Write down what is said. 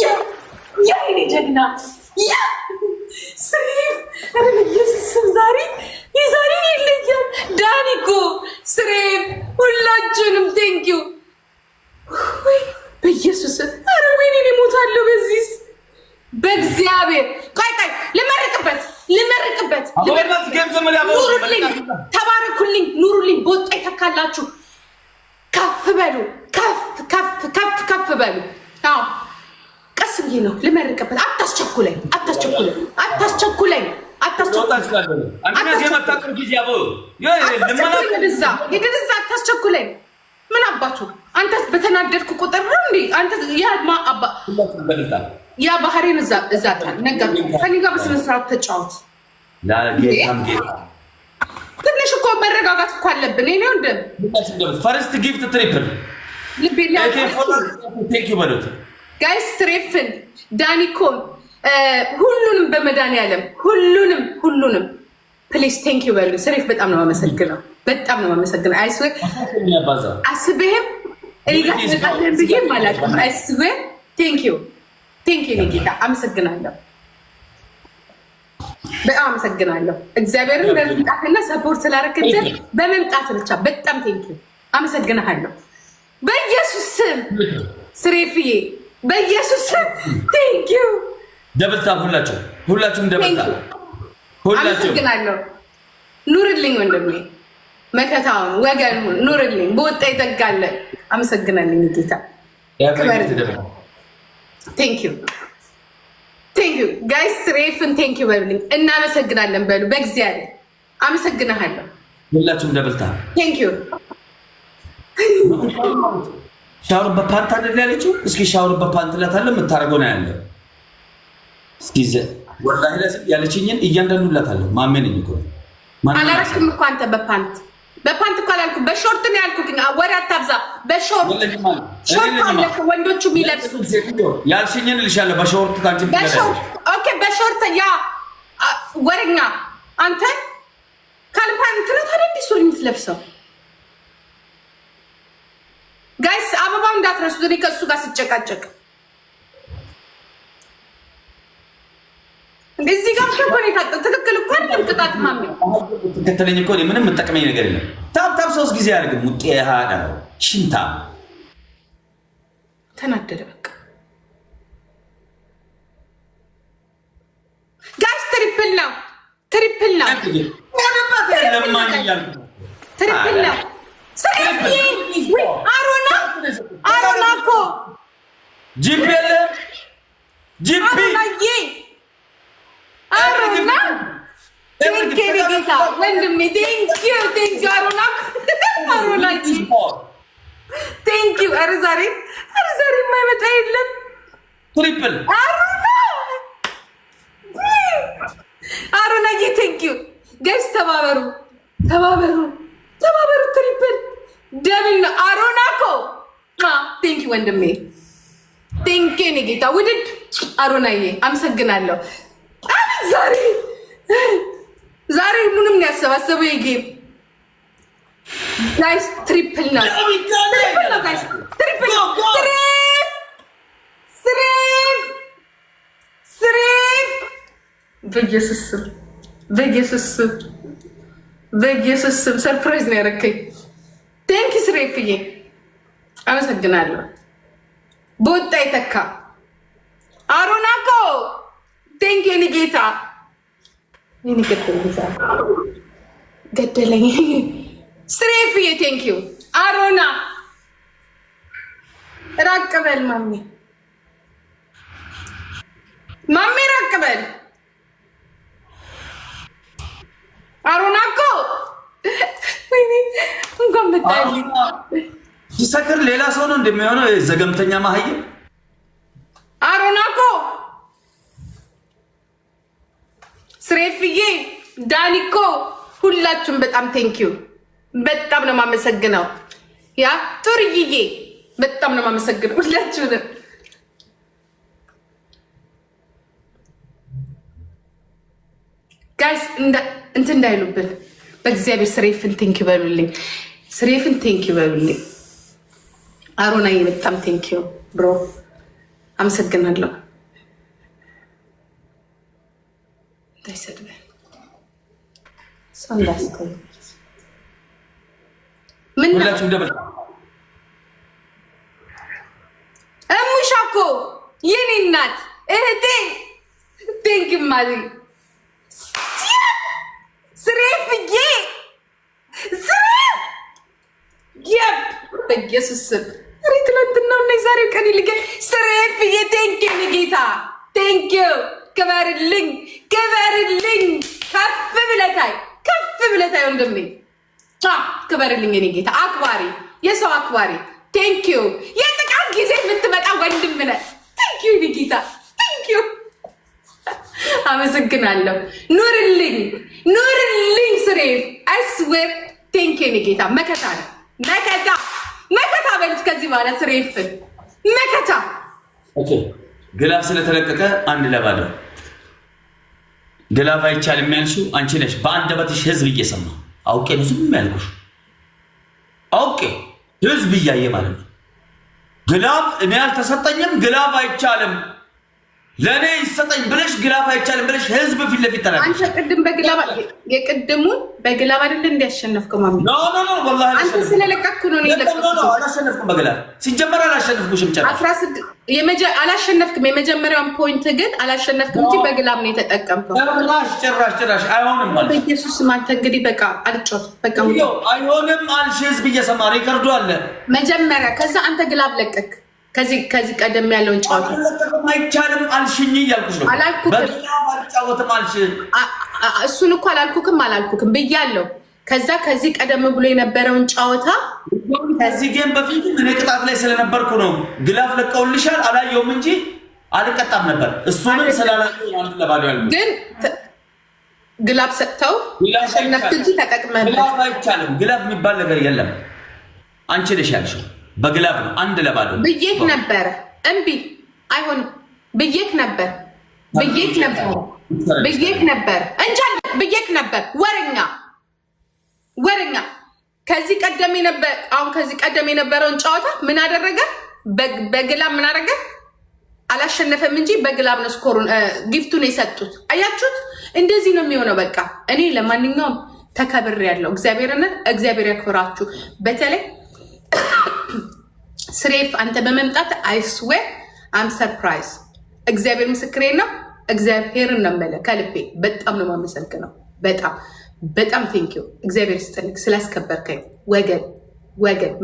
የኔ ጀግና ኢየሱስም ዛሬ የዛሬ ይለያል። ዳኒኮ ስሬም ሁላችሁንም ቴንኪዩ በኢየሱስ ኧረ ወይኔ እኔ እሞታለሁ በዚህ በእግዚአብሔር ልበልበት፣ ኑሩልኝ፣ ተባረኩልኝ፣ ኑሩልኝ። በወጣ ይተካላችሁ። ከፍ በሉ፣ ከፍ ከፍ ከፍ ከፍ በሉ። ቀስ ብዬ ነው ልመርቅበት። አታስቸኩለኝ፣ አታስቸኩለኝ፣ አታስቸኩለኝ አታስቸኩለኝ፣ አታስቸኩለኝ። ምን አባችሁ አንተ በተናደድኩ ቁጥር እንዴ አንተ ያ ባህሬን እዛ እዛ ነጋ ከኔ ጋር በስነ ስርዓት ተጫወት። ለጌታም ጌታ ትንሽ እኮ መረጋጋት እኮ አለብን። ኔ ወንድ ፈርስት ጊፍት ትሪፕል ጋይስ ትሬፍን ዳኒኮም ሁሉንም በመድኃኒዓለም ሁሉንም ሁሉንም ፕሊስ ቴንክ ዩ በሉ። ስሬፍ በጣም ነው የማመሰግነው፣ በጣም ነው የማመሰግነው። አይስ አስቤህም እኔ ጋር ትመጣለን ብዬ አላውቅም። አይስ ቴንክ ዩ ቴንክ ዩ ጌታ አመሰግናለሁ። በጣም አመሰግናለሁ። እግዚአብሔርን በመምጣትና ሰፖርት ስላረክት በመምጣት ብቻ በጣም ቴንኪ አመሰግናለሁ በኢየሱስ ስም ስሬፍዬ፣ በኢየሱስ ስም ቴንኪ። ደብልታ ሁላችሁ ሁላችሁም ደብልታ አመሰግናለሁ። ኑርልኝ ወንድሜ፣ መከታውን ወገን ኑርልኝ፣ በወጣ ይጠጋለን። አመሰግናለኝ ጌታ ክበር ቴንኪ ዩ ጋይስ ሬፍን ቴንክ ዩ በሉልኝ። እናመሰግናለን በሉ በእግዚአብሔር አመሰግናሃለሁ። ሁላችሁም እንደበልታ ቴንክ ዩ ሻወር በፓንት አይደል ያለችው? እስኪ ሻወር በፓንት እላታለሁ። የምታደርገው ነው ያለው። እስኪ ወላሂ ያለችኝን እያንዳንዱ እላታለሁ። ማመን እኮ አላረክም እኮ አንተ በፓንት በፓንት እኮ አላልኩም፣ በሾርት ነው ያልኩህ። ግን ወሬ አታብዛ። በሾርት ሾርት አለ ወንዶቹ የሚለብሱት ያልሽኝን እልሻለሁ። በሾርት ታንቺ ኦኬ። በሾርት ያ ወሬኛ አንተ ካልፓንት ነው ታዲያ እንዲህ ሱሪ የምትለብሰው? ጋይስ አበባው እንዳትረሱት እኔ ከእሱ ጋር ስጨቃጨቅ እዚህ ጋር እኮ ነው የታጠ ትክክል እኮ አይደለም። ቅጣት ማሚ ትከተለኝ እኮ ምንም የምጠቅመኝ ነገር የለም። ታብታብ ሶስት ጊዜ አድርግም ውጤሃ ነው ሽንታ ተናደደ። በቃ ጋሽ ትሪፕል ነው ትሪፕል ነው ትሪፕል ነው አሮና አሮና እኮ ጂፕ የለ ጂፕ ወንድሜ ቴንኪው ቴንኪው። አሮና አሮናች ቴንኪው። ኧረ ዛሬ ኧረ ዛሬ የማይመጣ የለም። ትሪፕል አሮና አሮናዬ ቴንኪው። ገስ ተባበሩ ተባበሩ ተባበሩ። ትሪፕል ደብል ነው። አሮና እኮ ቴንኪው ወንድሜ ቴንኪው። የእኔ ጌታ ውድድ አሮናዬ አመሰግናለሁ። አቤት ዛሬ ዛሬ ሁሉንም ነው ያሰባሰበው። የጌም ጋይስ ትሪፕል ናት። በኢየሱስ ስም በኢየሱስ ስም በኢየሱስ ስም ሰርፕራይዝ ነው ያደረከኝ። ቴንኪ ስሬፍዬ፣ አመሰግናለሁ። በወጣ የተካ አሩናኮ ቴንኪ የኔ ጌታ ምን ይገድል ገደለኝ። ስሬፍዬ አሮና ራቅ በል ራቅ በል አሮና እኮ እንኳን መጣልኝ። ሲሰክር ሌላ ሰው ነው እንደሚሆነው ዘገምተኛ ማህየም ሬፍዬ፣ ዳኒኮ ሁላችሁም በጣም ቴንኪዩ። በጣም ነው የማመሰግነው። ያ ጥሩዬ፣ በጣም ነው የማመሰግነው ሁላችሁንም። ጋይስ እንትን እንዳይሉብን በእግዚአብሔር ስሬፍን ቴንኪ በሉልኝ። ስሬፍን ቴንኪ በሉልኝ። አሮናዬ በጣም ቴንኪዩ ብሮ አመሰግናለሁ። እሙሻ እኮ የኔ እናት እህቴ ቴንኪማ ስሬፍዬ ስሬ የብ በኢየሱስ ስም ኧረ ትናንትና እና የዛሬው ቀን ልገ ስሬፍዬ ቴንኪው ንጌታ ቴንኪው ክበርልኝ ክበርልኝ ከፍ ብለታይ ብለህ ታይ ወንድሜ። ክበርልኝ እኔ ጌታ አክባሪ፣ የሰው አክባሪ። ቴንክ ዩ የጥቃት ጊዜ የምትመጣ ወንድም ነህ። ቴንክ ዩ እኔ ጌታ ቴንክ ዩ። አመሰግናለሁ። ኑርልኝ፣ ኑርልኝ ስሬ አስዌር። ቴንክ ዩ እኔ ጌታ። መከታ ነው መከታ፣ መከታ በሉት ከዚህ ማለት ስሬፍን መከታ። ግላብ ስለተለቀቀ አንድ ለባለው ግላፍ አይቻልም የሚያልሹ አንቺ ነሽ። በአንደበትሽ ህዝብ እየሰማ አውቄ ነው ዝም ያልኩሽ። አውቄ ህዝብ እያየ ማለት ነው። ግላፍ እኔ አልተሰጠኝም፣ ግላፍ አይቻልም ለእኔ ይሰጠኝ ብለሽ ግላፍ አይቻልም ብለሽ ህዝብ ፊት ለፊት ተናገርሽ። አንተ ቅድም በግላፍ የቅድሙ በግላፍ አይደል እንዲያሸነፍኩ ማሚ ኖ ኖ ኖ ወላሂ አንተ ስለለቀቅኩ ነው። አላሸነፍኩም፣ በግላፍ ሲጀመር አላሸነፍኩሽም። አላሸነፍክም። የመጀመሪያውን ፖይንት ግን አላሸነፍክም እንጂ በግላፍ ነው የተጠቀምከው። ጭራሽ ጭራሽ ጭራሽ አይሆንም አልሽ። በኢየሱስ አንተ እንግዲህ በቃ አልጮት በቃ አይሆንም አልሽ። ህዝብ እየሰማ ሪከርዱ አለ መጀመሪያ፣ ከዛ አንተ ግላፍ ለቀክ ከዚህ ከዚህ ቀደም ያለውን ጨዋታ አይቻልም አልሽኝ እያልኩሽ ነው። አልጫወትም አልሽ። እሱን እኮ አላልኩክም አላልኩክም ብያለሁ። ከዛ ከዚህ ቀደም ብሎ የነበረውን ጨዋታ ከዚህ ጌም በፊት እኔ ቅጣት ላይ ስለነበርኩ ነው። ግላፍ ለቀውልሻል አላየውም እንጂ አልቀጣም ነበር። እሱንም ስላላየሁ ለባዶ ያለ ግን ግላፍ ሰጥተው ነፍት ግላፍ ተጠቅመ ግላፍ አይቻልም። ግላፍ የሚባል ነገር የለም። አንቺ ነሽ ያልሽው በግላብ ነው አንድ ለባዶ ብዬክ ነበረ። እምቢ አይሆንም ብዬክ ነበር ብዬክ ነበር ብዬክ ነበር እንጃ ብዬክ ነበር። ወረኛ ወረኛ። ከዚህ ቀደም የነበረ አሁን ከዚህ ቀደም የነበረውን ጨዋታ ምን አደረገ? በግላብ ምን አደረገ? አላሸነፈም እንጂ በግላብ ነው ስኮሩን ጊፍቱን የሰጡት። አያችሁት? እንደዚህ ነው የሚሆነው። በቃ እኔ ለማንኛውም ተከብሬ ያለው እግዚአብሔርን እግዚአብሔር ያክብራችሁ በተለይ ስሬፍ አንተ በመምጣት አይስዌ አም ሰርፕራይዝ። እግዚአብሔር ምስክሬ ነው። እግዚአብሔርን ነው የምልህ ከልቤ በጣም ነው የማመሰግነው። በጣም በጣም ቴንኪው እግዚአብሔር ስጥልክ ስላስከበርከኝ ወገን ወገን